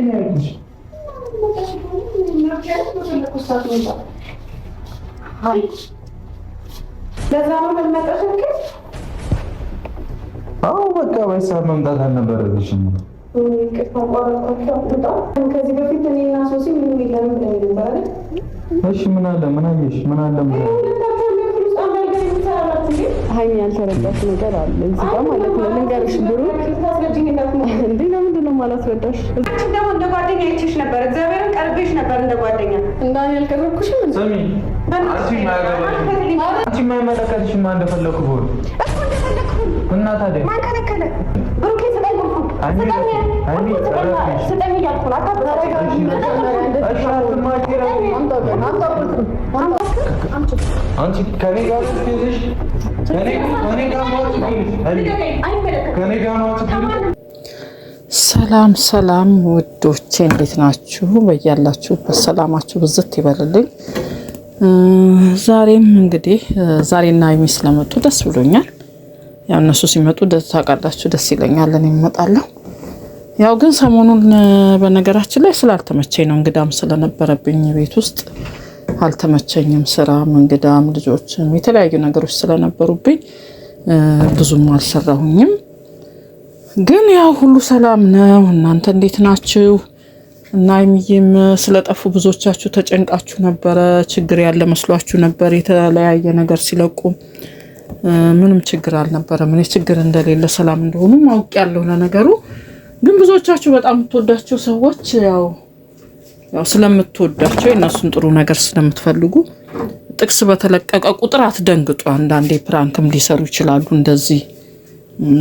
አዎ በቃ በሰዓት መምጣት አልነበረብሽም። ከዚህ በፊት እኔና ሶሲ ምንም የለም ብለን ነበረ። እሺ ምን አለ ምን አየሽ? ምን አለ ሀይሚ ያልተረዳሽ ነገር አለ እዚህ ጋር ማለት ነው። ልንገርሽ ብሩክ አላስረዳሽ። እዚህ ደግሞ እንደ ጓደኛ አይቼሽ ነበር፣ እግዚአብሔርን ቀርቤሽ ነበር እንደ ጓደኛ። እንዳን ያልቀረብኩሽ ስሚ፣ አንቺ የማይመለከትሽ ማ እንደፈለኩ ብሆን እኮ እንደፈለግኩ እና ታዲያ ማን ከለከለ? ብሩኬ ስጠኝ ስጠኝ እያልኩ አንቺ ከኔ ጋር ከኔ ጋር ሰላም ሰላም ውዶቼ እንዴት ናችሁ? በያላችሁ በሰላማችሁ ብዝት ይበልልኝ። ዛሬም እንግዲህ ዛሬና ሀይሚ ስለመጡ ደስ ብሎኛል። ያው እነሱ ሲመጡ ታውቃላችሁ ደስ ይለኛል፣ እኔም እመጣለሁ። ያው ግን ሰሞኑን በነገራችን ላይ ስላልተመቸኝ ነው፣ እንግዳም ስለነበረብኝ ቤት ውስጥ አልተመቸኝም። ስራም እንግዳም ልጆችም የተለያዩ ነገሮች ስለነበሩብኝ ብዙም አልሰራሁኝም። ግን ያው ሁሉ ሰላም ነው። እናንተ እንዴት ናችሁ? እና ሀይሚዬም ስለጠፉ ብዙዎቻችሁ ተጨንቃችሁ ነበረ። ችግር ያለ መስሏችሁ ነበር። የተለያየ ነገር ሲለቁ ምንም ችግር አልነበረም። እኔ ችግር እንደሌለ ሰላም እንደሆኑ ማውቅ ያለው ለነገሩ። ግን ብዙዎቻችሁ በጣም የምትወዳቸው ሰዎች ያው ያው ስለምትወዳቸው የእነሱን ጥሩ ነገር ስለምትፈልጉ ጥቅስ በተለቀቀ ቁጥር አትደንግጡ። አንዳንዴ ፕራንክም ሊሰሩ ይችላሉ እንደዚህ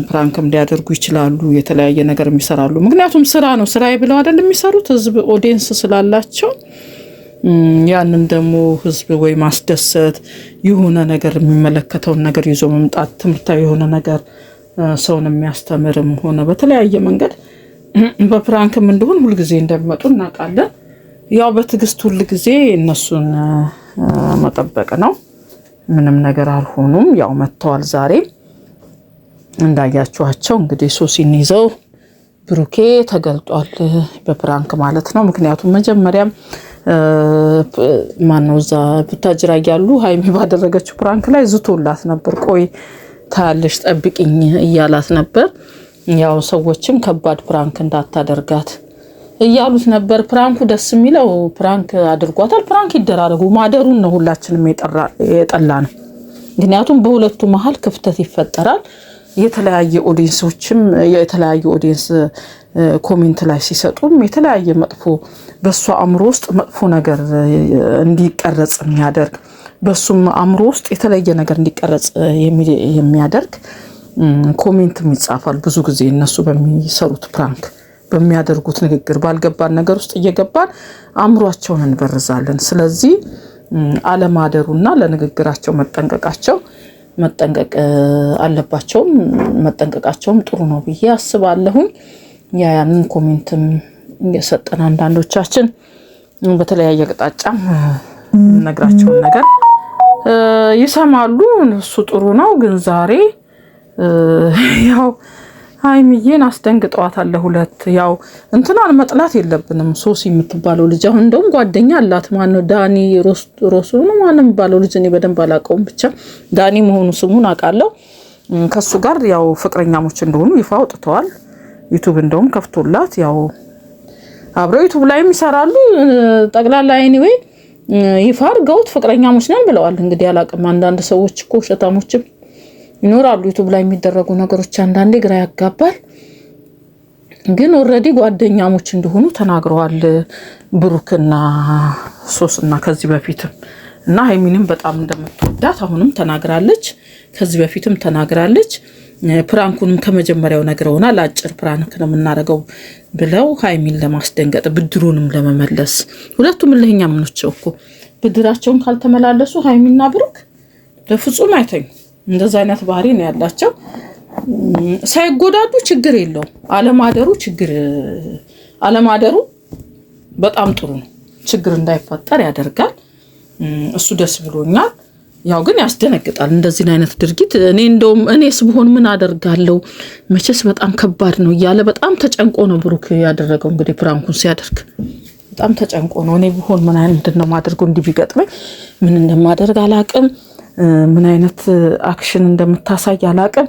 ፕራንክም ሊያደርጉ ይችላሉ። የተለያየ ነገር የሚሰራሉ። ምክንያቱም ስራ ነው፣ ስራ ብለው አይደል የሚሰሩት። ህዝብ ኦዲየንስ ስላላቸው ያንን ደግሞ ህዝብ ወይ ማስደሰት የሆነ ነገር የሚመለከተውን ነገር ይዞ መምጣት ትምህርታዊ የሆነ ነገር ሰውን የሚያስተምርም ሆነ በተለያየ መንገድ በፕራንክም እንደሆን ሁልጊዜ እንደሚመጡ እናውቃለን። ያው በትዕግስት ሁልጊዜ እነሱን መጠበቅ ነው። ምንም ነገር አልሆኑም። ያው መጥተዋል ዛሬም። እንዳያችኋቸው እንግዲህ ሶሲን ይዘው ብሩኬ ተገልጧል፣ በፕራንክ ማለት ነው። ምክንያቱም መጀመሪያም ማነው እዛ ብታጅራ እያሉ ሀይሚ ባደረገችው ፕራንክ ላይ ዝቶላት ነበር። ቆይ ታያለሽ፣ ጠብቅኝ እያላት ነበር። ያው ሰዎችም ከባድ ፕራንክ እንዳታደርጋት እያሉት ነበር። ፕራንኩ ደስ የሚለው ፕራንክ አድርጓታል። ፕራንክ ይደራረጉ ማደሩን ነው ሁላችንም የጠላ ነው። ምክንያቱም በሁለቱ መሀል ክፍተት ይፈጠራል። የተለያየ ኦዲየንሶችም የተለያየ ኦዲየንስ ኮሜንት ላይ ሲሰጡም የተለያየ መጥፎ በሱ አእምሮ ውስጥ መጥፎ ነገር እንዲቀረጽ የሚያደርግ በሱም አእምሮ ውስጥ የተለየ ነገር እንዲቀረጽ የሚያደርግ ኮሜንትም ይጻፋል። ብዙ ጊዜ እነሱ በሚሰሩት ፕራንክ በሚያደርጉት ንግግር ባልገባን ነገር ውስጥ እየገባን አእምሯቸውን እንበርዛለን። ስለዚህ አለማደሩና ለንግግራቸው መጠንቀቃቸው መጠንቀቅ አለባቸውም መጠንቀቃቸውም ጥሩ ነው ብዬ አስባለሁም። ያ ያንን ኮሜንትም እየሰጠን አንዳንዶቻችን በተለያየ አቅጣጫ ነግራቸውን ነገር ይሰማሉ። እሱ ጥሩ ነው ግን ዛሬ ያው ሀይሚዬን አስደንግጠዋታል። ሁለት ያው እንትናን መጥላት የለብንም ሶስ የምትባለው ልጅ አሁን እንደውም ጓደኛ አላት። ማነው ዳኒ ሮሱ ነው ማነው የሚባለው ልጅ እኔ በደንብ አላውቀውም፣ ብቻ ዳኒ መሆኑ ስሙን አውቃለሁ። ከሱ ጋር ያው ፍቅረኛሞች እንደሆኑ ይፋ አውጥተዋል። ዩቱብ እንደውም ከፍቶላት ያው አብረው ዩቱብ ላይም ይሰራሉ። ጠቅላላ ኤኒዌይ ይፋ አድርገውት ፍቅረኛሞች ነን ብለዋል። እንግዲህ አላውቅም። አንዳንድ ሰዎች እኮ ውሸታሞችም ይኖራሉ። ዩቱብ ላይ የሚደረጉ ነገሮች አንዳንዴ ግራ ያጋባል። ግን ኦልሬዲ ጓደኛሞች እንደሆኑ ተናግረዋል ብሩክና ሶስና ከዚህ በፊትም እና ሀይሚንም በጣም እንደምትወዳት አሁንም ተናግራለች። ከዚህ በፊትም ተናግራለች። ፕራንኩንም ከመጀመሪያው ሆና ለአጭር ፕራንክ ነው የምናደርገው ብለው ሀይሚን ለማስደንገጥ ብድሩንም ለመመለስ ሁለቱም እልህኛ ምኖቸው እኮ ብድራቸውን ካልተመላለሱ ሀይሚና ብሩክ ለፍጹም አይተኙ እንደዚህ አይነት ባህሪ ነው ያላቸው። ሳይጎዳዱ ችግር የለውም። አለማደሩ ችግር አለማደሩ በጣም ጥሩ ነው። ችግር እንዳይፈጠር ያደርጋል። እሱ ደስ ብሎኛል። ያው ግን ያስደነግጣል። እንደዚህ አይነት ድርጊት እኔ እንደውም እኔስ ብሆን ምን አደርጋለሁ መቼስ በጣም ከባድ ነው እያለ በጣም ተጨንቆ ነው ብሩክ ያደረገው። እንግዲህ ፕራንኩን ሲያደርግ በጣም ተጨንቆ ነው። እኔ ብሆን ምን አይነት ነው ማደርገው እንዲህ ቢገጥመኝ ምን እንደማደርግ አላቅም ምን አይነት አክሽን እንደምታሳይ አላቅም።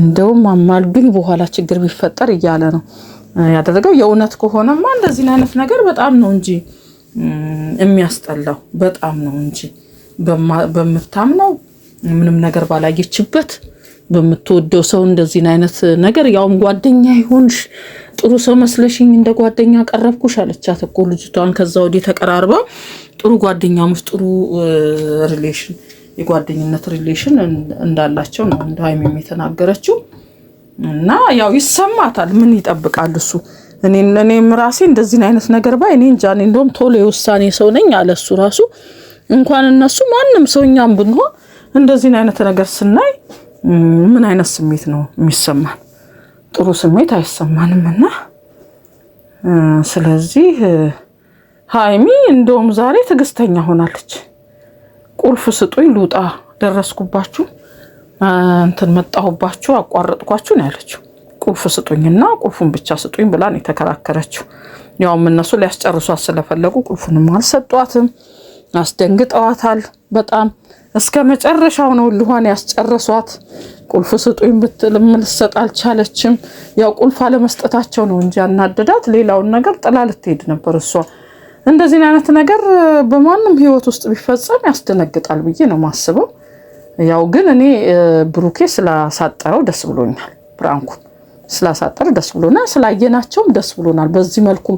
እንደውም አማልዱኝ በኋላ ችግር ቢፈጠር እያለ ነው ያደረገው። የእውነት ከሆነማ እንደዚህ አይነት ነገር በጣም ነው እንጂ የሚያስጠላው በጣም ነው እንጂ በምታምነው ምንም ነገር ባላየችበት በምትወደው ሰው እንደዚህ አይነት ነገር ያውም ጓደኛ ይሆንሽ ጥሩ ሰው መስለሽኝ እንደ ጓደኛ ቀረብኩሽ አለቻት እኮ ልጅቷን። ከዛ ወዲህ ተቀራርበው ጥሩ ጓደኛሞች፣ ጥሩ ሪሌሽን የጓደኝነት ሪሌሽን እንዳላቸው ነው እንደ ሀይሚም የተናገረችው እና ያው ይሰማታል። ምን ይጠብቃል እሱ? እኔም ራሴ እንደዚህን አይነት ነገር ባይ እኔ እንጃ። እንደውም ቶሎ የውሳኔ ሰው ነኝ አለ እሱ ራሱ። እንኳን እነሱ ማንም ሰው እኛም ብንሆን እንደዚህን አይነት ነገር ስናይ ምን አይነት ስሜት ነው የሚሰማን? ጥሩ ስሜት አይሰማንም። እና ስለዚህ ሀይሚ እንደውም ዛሬ ትዕግስተኛ ሆናለች። ቁልፍ ስጡኝ ልውጣ፣ ደረስኩባችሁ፣ እንትን መጣሁባችሁ፣ አቋረጥኳችሁ ነው ያለችው። ቁልፍ ስጡኝና ቁልፉን ብቻ ስጡኝ ብላ ነው የተከራከረችው። ያውም እነሱ ሊያስጨርሷት ስለፈለጉ ቁልፉንም አልሰጧትም። አስደንግጠዋታል በጣም እስከ መጨረሻው ነው ልኋን ያስጨረሷት። ቁልፍ ስጡኝ ብትልም ልሰጥ አልቻለችም። ያው ቁልፍ አለመስጠታቸው ነው እንጂ ያናደዳት፣ ሌላውን ነገር ጥላ ልትሄድ ነበር እሷ እንደዚህ አይነት ነገር በማንም ህይወት ውስጥ ቢፈጸም ያስደነግጣል ብዬ ነው ማስበው። ያው ግን እኔ ብሩኬ ስላሳጠረው ደስ ብሎኛል። ፕራንኩን ስላሳጠረ ደስ ብሎናል። ስላየናቸውም ደስ ብሎናል። በዚህ መልኩም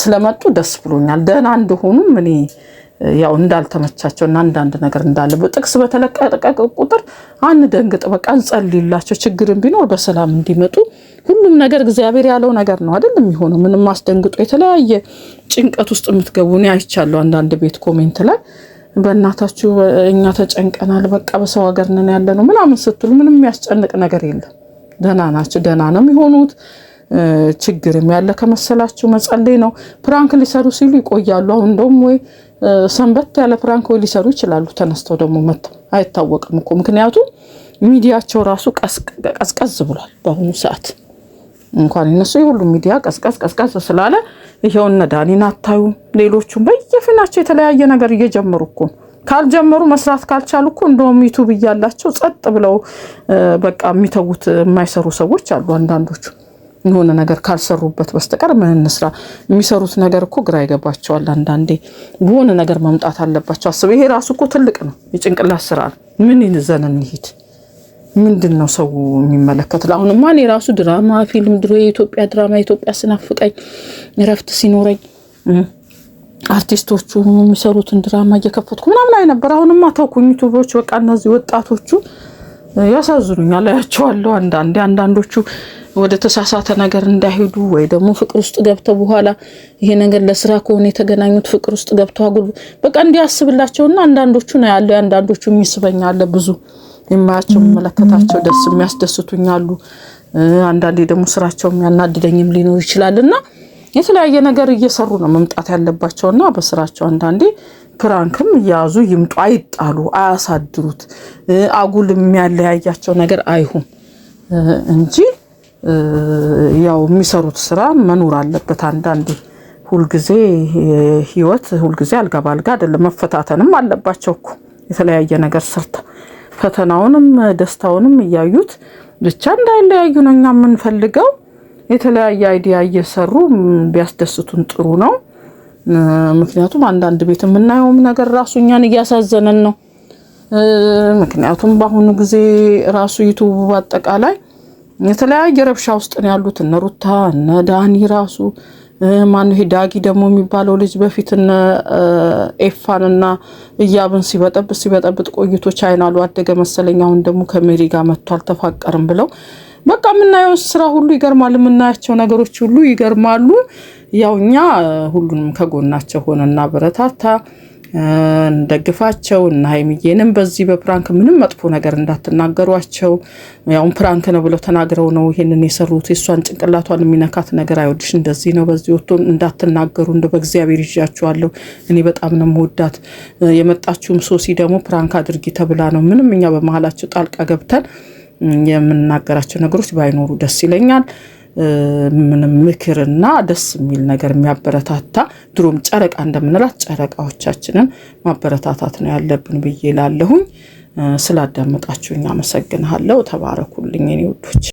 ስለመጡ ደስ ብሎኛል። ደህና እንደሆኑም እኔ ያው እንዳልተመቻቸው እና አንዳንድ ነገር እንዳለ ጥቅስ በተለቀቀ ቁጥር አንደንግጥ። በቃ እንጸልይላቸው፣ ችግርም ቢኖር በሰላም እንዲመጡ። ሁሉም ነገር እግዚአብሔር ያለው ነገር ነው አይደል የሚሆነው። ምንም አስደንግጦ የተለያየ ጭንቀት ውስጥ የምትገቡ እኔ አይቻለሁ። አንዳንድ ቤት ኮሜንት ላይ በእናታችሁ እኛ ተጨንቀናል፣ በቃ በሰው ሀገር ነን ያለ ነው ምናምን ስትሉ ምንም የሚያስጨንቅ ነገር የለም። ደህና ናቸው፣ ደህና ነው የሚሆኑት። ችግርም ያለ ከመሰላችሁ መጸለይ ነው። ፕራንክ ሊሰሩ ሲሉ ይቆያሉ። አሁን እንደውም ወይ ሰንበት ያለ ፕራንክ ሊሰሩ ይችላሉ። ተነስተው ደግሞ መተው አይታወቅም እኮ ምክንያቱም ሚዲያቸው ራሱ ቀዝቀዝ ብሏል በአሁኑ ሰዓት። እንኳን እነሱ የሁሉም ሚዲያ ቀዝቀዝ ቀዝቀዝ ስላለ ይኸውነ ዳኒን አታዩም። ሌሎቹም በየፊናቸው የተለያየ ነገር እየጀመሩ እኮ ካልጀመሩ መስራት ካልቻሉ እኮ እንደውም ዩቱብ እያላቸው ጸጥ ብለው በቃ የሚተዉት የማይሰሩ ሰዎች አሉ አንዳንዶቹ። የሆነ ነገር ካልሰሩበት በስተቀር ምን እንስራ? የሚሰሩት ነገር እኮ ግራ ይገባቸዋል። አንዳንዴ በሆነ ነገር መምጣት አለባቸው። አስበ ይሄ ራሱ እኮ ትልቅ ነው፣ የጭንቅላት ስራ ነው። ምን ይዘን እንሂድ? ምንድን ነው ሰው የሚመለከት? አሁንማ እኔ ራሱ ድራማ ፊልም፣ ድሮ የኢትዮጵያ ድራማ ኢትዮጵያ ስናፍቀኝ እረፍት ሲኖረኝ አርቲስቶቹ የሚሰሩትን ድራማ እየከፈትኩ ምናምን አይ ነበር። አሁንማ ተውኩኝ። ዩቱቦች በቃ እነዚህ ወጣቶቹ ያሳዝኑኛል፣ አያቸዋለሁ። አንዳንዴ አንዳንዶቹ ወደ ተሳሳተ ነገር እንዳይሄዱ ወይ ደግሞ ፍቅር ውስጥ ገብተው በኋላ ይሄ ነገር ለስራ ከሆነ የተገናኙት ፍቅር ውስጥ ገብተው አጉል በቃ እንዲያስብላቸውና አንዳንዶቹ ነው ያለው። አንዳንዶቹ የሚስበኛ አለ ብዙ የማያቸው የምመለከታቸው ደስ የሚያስደስቱኛሉ። አንዳንዴ ደግሞ ስራቸው የሚያናድደኝም ሊኖር ይችላል እና የተለያየ ነገር እየሰሩ ነው መምጣት ያለባቸውና በስራቸው አንዳንዴ ክራንክም እያያዙ ይምጡ፣ አይጣሉ፣ አያሳድሩት። አጉል የሚያለያያቸው ነገር አይሁን እንጂ ያው የሚሰሩት ስራ መኖር አለበት። አንዳንዴ ሁልጊዜ ህይወት ሁልጊዜ አልጋ ባልጋ አይደለም፣ መፈታተንም አለባቸው እኮ የተለያየ ነገር ሰርተ ፈተናውንም ደስታውንም እያዩት ብቻ እንዳይለያዩ ነው እኛ የምንፈልገው። የተለያየ አይዲያ እየሰሩ ቢያስደስቱን ጥሩ ነው። ምክንያቱም አንዳንድ ቤት የምናየውም ነገር ራሱ እኛን እያሳዘነን ነው። ምክንያቱም በአሁኑ ጊዜ ራሱ ዩቱብ በአጠቃላይ የተለያየ ረብሻ ውስጥ ነው ያሉት እነ ሩታ እነ ዳኒ ራሱ ማን ይሄ ዳጊ ደግሞ የሚባለው ልጅ በፊት እነ ኤፋን እያብን ሲበጠብጥ ሲበጠብጥ ቆይቶ ቻይና አሉ አደገ መሰለኝ። አሁን ደግሞ ከሜሪ ጋር መጥቶ አልተፋቀርም ብለው በቃ የምናየው ስራ ሁሉ ይገርማል። የምናያቸው ነገሮች ሁሉ ይገርማሉ። ያው እኛ ሁሉንም ከጎናቸው ሆነ እናበረታታ፣ እንደግፋቸው እና ሀይሚዬንም በዚህ በፕራንክ ምንም መጥፎ ነገር እንዳትናገሯቸው። ያውን ፕራንክ ነው ብለው ተናግረው ነው ይሄንን የሰሩት። የእሷን ጭንቅላቷን የሚነካት ነገር አይወድሽ እንደዚህ ነው በዚህ ወጥቶ እንዳትናገሩ፣ እንደ በእግዚአብሔር ይዣችኋለሁ። እኔ በጣም ነው መወዳት። የመጣችውም ሶሲ ደግሞ ፕራንክ አድርጊ ተብላ ነው። ምንም እኛ በመሀላቸው ጣልቃ ገብተን የምንናገራቸው ነገሮች ባይኖሩ ደስ ይለኛል። ምንም ምክርና ደስ የሚል ነገር የሚያበረታታ ድሮም ጨረቃ እንደምንላት ጨረቃዎቻችንን ማበረታታት ነው ያለብን ብዬ ላለሁኝ። ስላዳመጣችሁኝ አመሰግንሃለሁ። ተባረኩልኝ የኔ ውዶች።